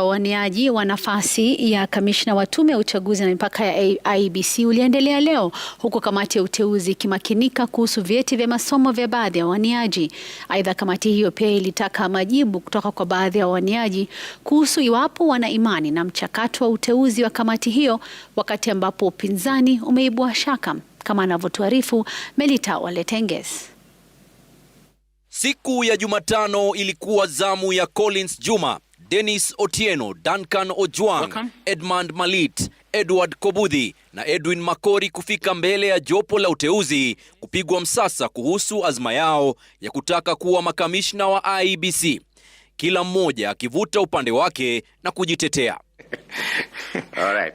Wawaniaji wa nafasi ya kamishna wa tume ya uchaguzi na mipaka ya IEBC uliendelea leo huku kamati ya uteuzi ikimakinika kuhusu vyeti vya masomo vya baadhi ya wawaniaji. Aidha, kamati hiyo pia ilitaka majibu kutoka kwa baadhi ya wawaniaji kuhusu iwapo wana imani na mchakato wa uteuzi wa kamati hiyo, wakati ambapo upinzani umeibua shaka, kama anavyotuarifu Melita Waletenges. Siku ya Jumatano ilikuwa zamu ya Collins Juma Dennis Otieno, Duncan Welcome. Edmund Malit, Edward Kobudhi na Edwin Makori kufika mbele ya jopo la uteuzi kupigwa msasa kuhusu azma yao ya kutaka kuwa makamishna wa IEBC, kila mmoja akivuta upande wake na kujitetea. All right.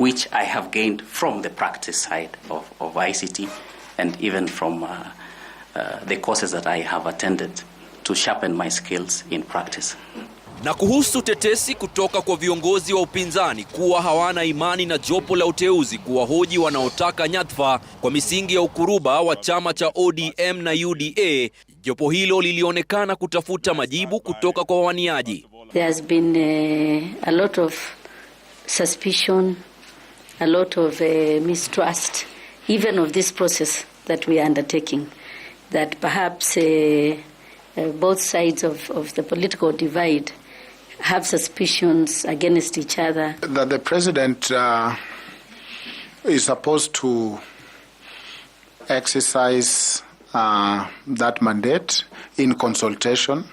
which I have gained from the practice side of, of ICT and even from uh, uh, the courses that I have attended to sharpen my skills in practice. Na kuhusu tetesi kutoka kwa viongozi wa upinzani kuwa hawana imani na jopo la uteuzi kuwahoji wanaotaka nyadhifa kwa misingi ya ukuruba wa chama cha ODM na UDA, jopo hilo lilionekana kutafuta majibu kutoka kwa wawaniaji. There has been a, uh, a lot of suspicion a lot of uh, mistrust, even of this process that we are undertaking, that perhaps uh, uh, both sides of, of the political divide have suspicions against each other. That the president uh, is supposed to exercise uh, that mandate in consultation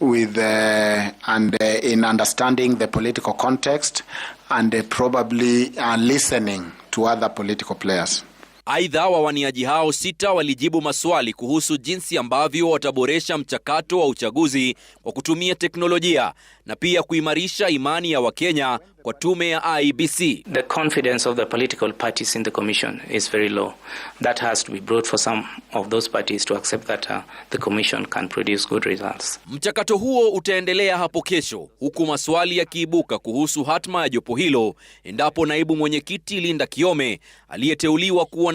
with uh, and uh, in understanding the political context and uh, probably uh, listening to other political players. Aidha, wawaniaji hao sita walijibu maswali kuhusu jinsi ambavyo wataboresha mchakato wa uchaguzi kwa kutumia teknolojia na pia kuimarisha imani ya Wakenya kwa tume ya IEBC. The confidence of the political parties in the commission is very low. That has to be brought for some of those parties to accept that uh, the commission can produce good results. Mchakato huo utaendelea hapo kesho huku maswali yakiibuka kuhusu hatma ya jopo hilo endapo naibu mwenyekiti Linda Kiome aliyeteuliwa kuwa